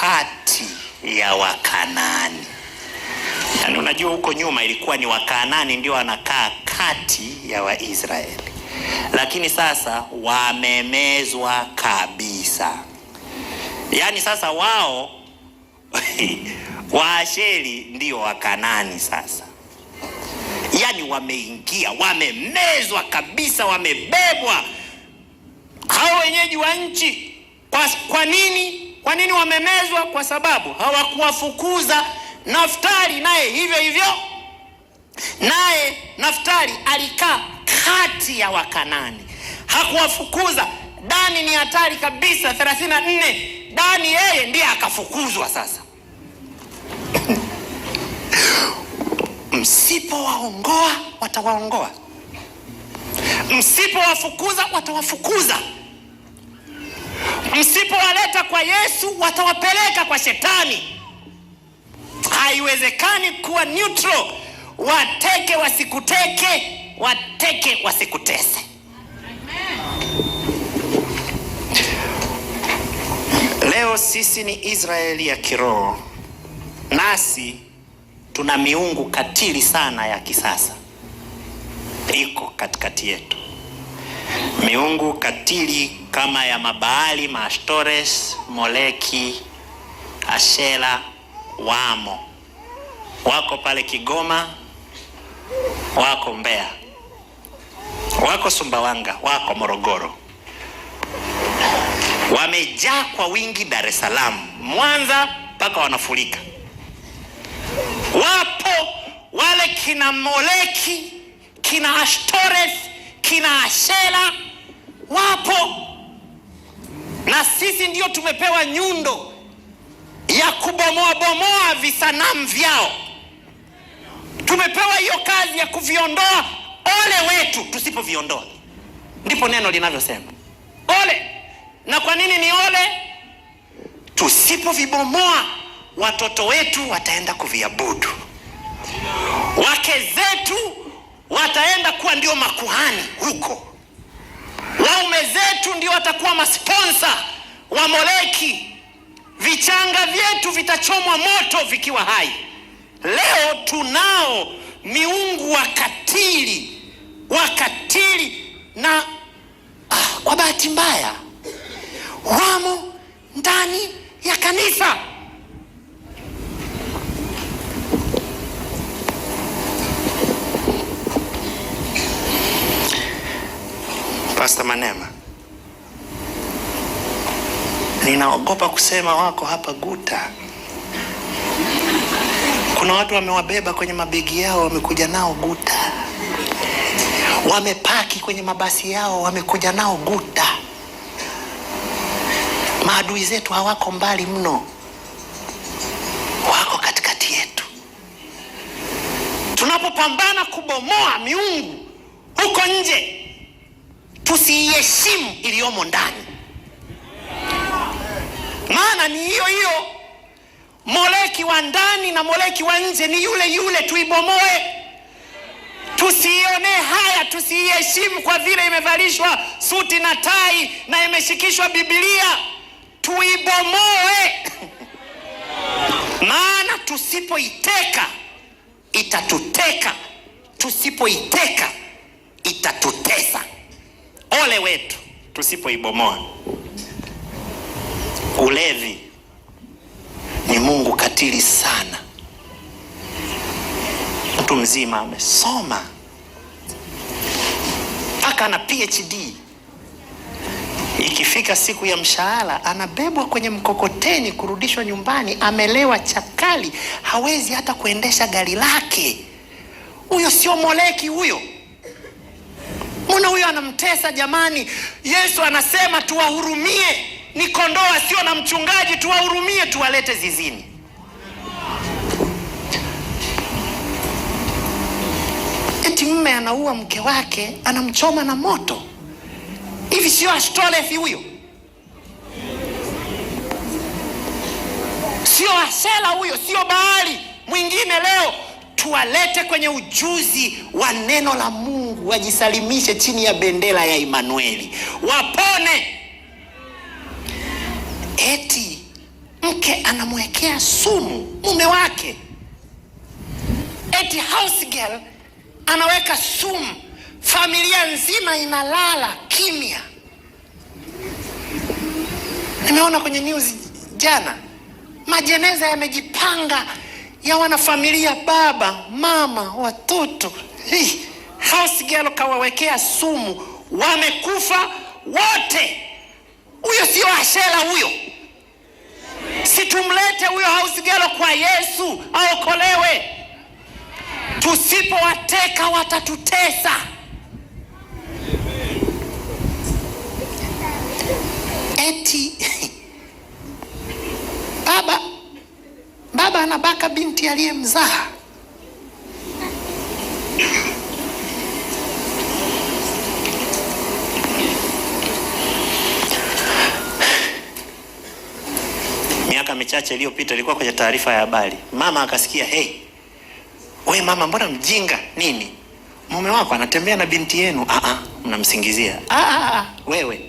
kati ya Wakanaani. Yaani unajua huko nyuma ilikuwa ni Wakanaani ndio wanakaa kati ya Waisraeli, lakini sasa wamemezwa kabisa. Yaani sasa wao Waasheri ndio Wakanani sasa, yaani wameingia, wamemezwa kabisa, wamebebwa hao wenyeji wa nchi. Kwa, kwa nini? Kwa nini wamemezwa? Kwa sababu hawakuwafukuza Naftali, naye hivyo hivyo, naye Naftali alikaa kati ya Wakanani, hakuwafukuza. Dani ni hatari kabisa, 34 Dani yeye ndiye akafukuzwa. Sasa msipowaongoa watawaongoa, msipowafukuza watawafukuza. Msipowaleta kwa Yesu watawapeleka kwa Shetani. Haiwezekani kuwa neutral, wateke wasikuteke, wateke wasikutese. Leo sisi ni Israeli ya kiroho, nasi tuna miungu katili sana ya kisasa iko katikati yetu miungu katili kama ya Mabaali, Maastores, Moleki, Ashera wamo, wako pale Kigoma, wako mbea wako Sumbawanga, wako Morogoro, wamejaa kwa wingi Dar es Salaam, Mwanza mpaka wanafurika. Wapo wale kina Moleki, kina Ashtoreth kina Ashela wapo, na sisi ndio tumepewa nyundo ya kubomoa bomoa visanamu vyao. Tumepewa hiyo kazi ya kuviondoa. Ole wetu tusipoviondoa, ndipo neno linavyosema ole. Na kwa nini ni ole? Tusipovibomoa watoto wetu wataenda kuviabudu, wake zetu wataenda kuwa ndio makuhani huko. Waume zetu ndio watakuwa masponsa wa Moleki. Vichanga vyetu vitachomwa moto vikiwa hai. Leo tunao miungu wakatili, wakatili na ah, kwa bahati mbaya wamo ndani ya kanisa. kukosa maneno. Ninaogopa kusema wako hapa Guta. Kuna watu wamewabeba kwenye mabegi yao, wamekuja nao Guta. Wamepaki kwenye mabasi yao, wamekuja nao Guta. Maadui zetu hawako mbali mno, wako katikati yetu. Tunapopambana kubomoa miungu huko nje tusiiheshimu iliyomo ndani, maana ni hiyo hiyo Moleki wa ndani na Moleki wa nje ni yule yule, tuibomoe. Tusiionee haya, tusiiheshimu kwa vile imevalishwa suti na tai na imeshikishwa bibilia tuibomoe maana tusipoiteka itatuteka, tusipoiteka itatutesa. Ole wetu tusipoibomoa. Ulevi ni Mungu katili sana. Mtu mzima amesoma mpaka ana PhD, ikifika siku ya mshahara anabebwa kwenye mkokoteni kurudishwa nyumbani, amelewa chakali, hawezi hata kuendesha gari lake. Huyo sio moleki huyo mbona huyo anamtesa jamani? Yesu anasema tuwahurumie, ni kondoo asio na mchungaji, tuwahurumie, tuwalete zizini. Eti mme anaua mke wake, anamchoma na moto hivi, sio Ashtolethi huyo? Sio asela huyo? Sio bahari mwingine? Leo tuwalete kwenye ujuzi wa neno la Mungu wajisalimishe chini ya bendera ya emanueli wapone. Eti mke anamwekea sumu mume wake, eti house girl anaweka sumu, familia nzima inalala kimya. Nimeona kwenye news jana majeneza yamejipanga ya wanafamilia, baba mama, watoto hii. Kasigi kawawekea sumu, wamekufa wote. Huyo sio ashela huyo, situmlete huyo gelo kwa Yesu aokolewe. Tusipowateka watatutesa. Eti baba baba anabaka binti aliyemzaa. miaka michache iliyopita, ilikuwa kwenye taarifa ya habari. Mama akasikia hey, we mama, mbona mjinga nini, mume wako anatembea na binti yenu. Ah ah, mnamsingizia. Ah ah, ah, ah wewe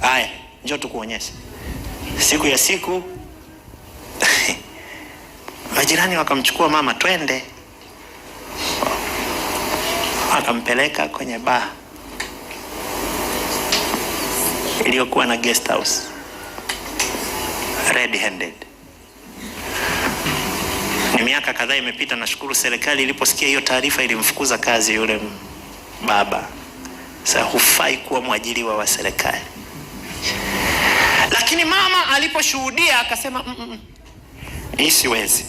haya, njoo tukuonyeshe. Siku ya siku majirani wakamchukua mama, twende, wakampeleka kwenye baa iliyokuwa na guest house red handed. Ni miaka kadhaa imepita, nashukuru serikali iliposikia hiyo taarifa ilimfukuza kazi yule baba. Sasa hufai kuwa mwajiriwa wa serikali. Lakini mama aliposhuhudia akasema mm -mm, mm hii siwezi.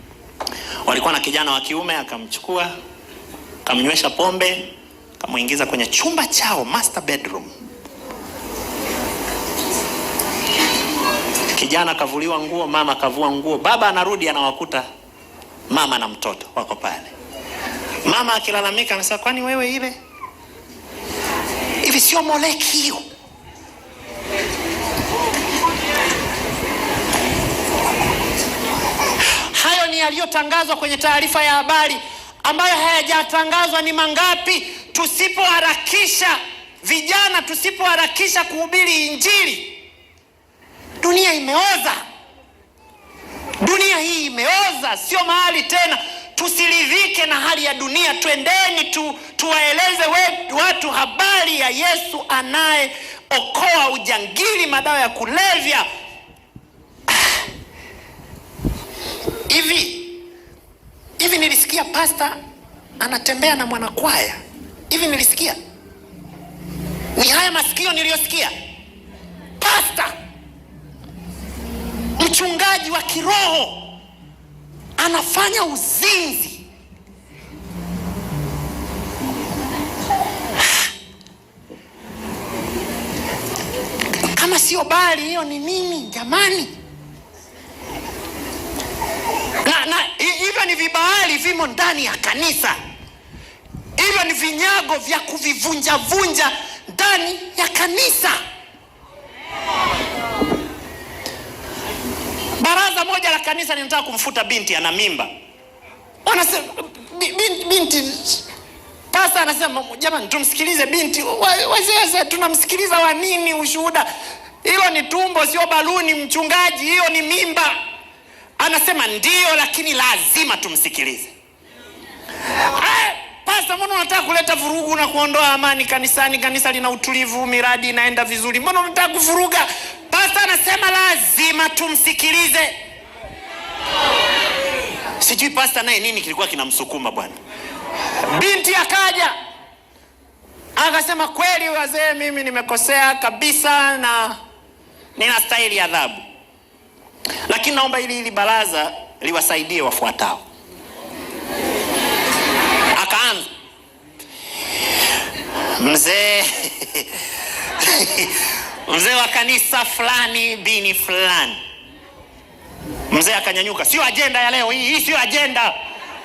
Walikuwa na kijana wa kiume, akamchukua akamnywesha pombe, akamuingiza kwenye chumba chao master bedroom Kijana kavuliwa nguo, mama kavua nguo, baba anarudi anawakuta mama na mtoto wako pale. Mama akilalamika anasema, kwani wewe ile hivi sio moleki hiyo? Hayo ni yaliyotangazwa kwenye taarifa ya habari, ambayo hayajatangazwa ni mangapi? Tusipoharakisha vijana, tusipoharakisha kuhubiri Injili Dunia imeoza, dunia hii imeoza, sio mahali tena. Tusiridhike na hali ya dunia, twendeni tu, tuwaeleze watu habari ya Yesu anayeokoa ujangili, madawa ya kulevya. Hivi hivi nilisikia pasta anatembea na mwanakwaya hivi, nilisikia. Ni haya masikio niliyosikia pasta mchungaji wa kiroho anafanya uzinzi kama sio bali hiyo ni nini jamani? Na, na hivyo ni vibahali vimo ndani ya kanisa, hivyo ni vinyago vya kuvivunjavunja ndani ya kanisa. kanisa ninataka kumfuta binti, ana mimba. Anasema binti, binti pasa anasema jamani, tumsikilize binti. Wazee tunamsikiliza wa nini? Ushuhuda, hilo ni tumbo, sio baluni mchungaji, hiyo ni mimba. Anasema ndio, lakini lazima tumsikilize. Ah, pasa, mbona unataka kuleta vurugu na kuondoa amani kanisani? Kanisa lina utulivu, miradi inaenda vizuri, mbona unataka kuvuruga? Pasa anasema lazima tumsikilize. Sijui pasta naye nini kilikuwa kinamsukuma bwana. Binti akaja akasema, kweli wazee, mimi nimekosea kabisa na nina stahili adhabu, lakini naomba ili hili baraza liwasaidie wafuatao. Akaanza mzee mzee wa kanisa fulani bini fulani Mzee akanyanyuka, sio ajenda ya leo hii, hii sio ajenda,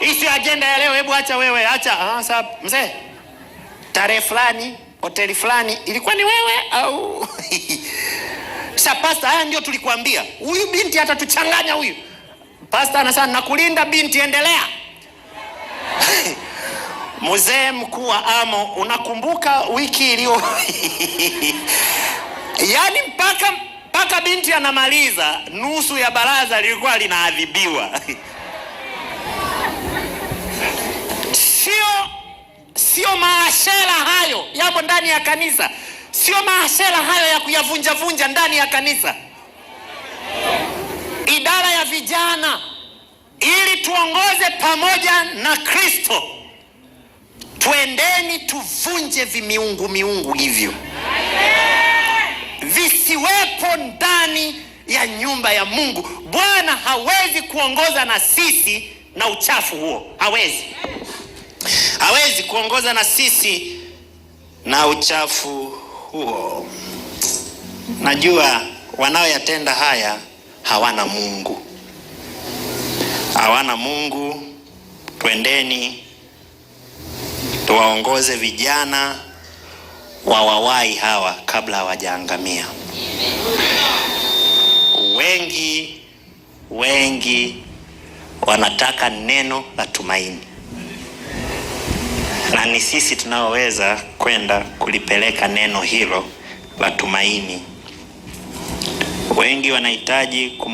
hii sio ajenda ya leo. Hebu acha wewe, acha. Ah, sasa mzee, tarehe fulani, hoteli fulani, ilikuwa ni wewe au sasa? Pasta, haya ndio tulikuambia, huyu binti atatuchanganya huyu. Pasta anasema nakulinda binti, endelea. Mzee mkuu wa Amo, unakumbuka wiki iliyo yaani mpaka mpaka binti anamaliza nusu ya baraza lilikuwa linaadhibiwa. Sio, sio maashara hayo yapo ndani ya kanisa, sio maashara hayo ya kuyavunjavunja ndani ya kanisa. Idara ya vijana, ili tuongoze pamoja na Kristo, twendeni tuvunje vimiungu miungu hivyo visiwepo ndani ya nyumba ya Mungu. Bwana hawezi kuongoza na sisi na uchafu huo, hawezi, hawezi kuongoza na sisi na uchafu huo. Najua wanaoyatenda haya hawana Mungu, hawana Mungu. Twendeni tuwaongoze vijana wawawai hawa kabla hawajaangamia. Wengi wengi wanataka neno la tumaini, na ni sisi tunaoweza kwenda kulipeleka neno hilo la tumaini. Wengi wanahitaji kumwona